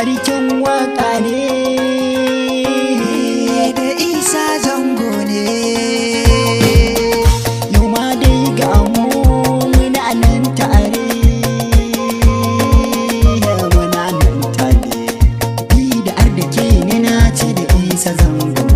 sarkin waka ne da isa zango ne yau ma dai ga mu muna nan tare muna nan tare ni da ke ne na ce da isa zango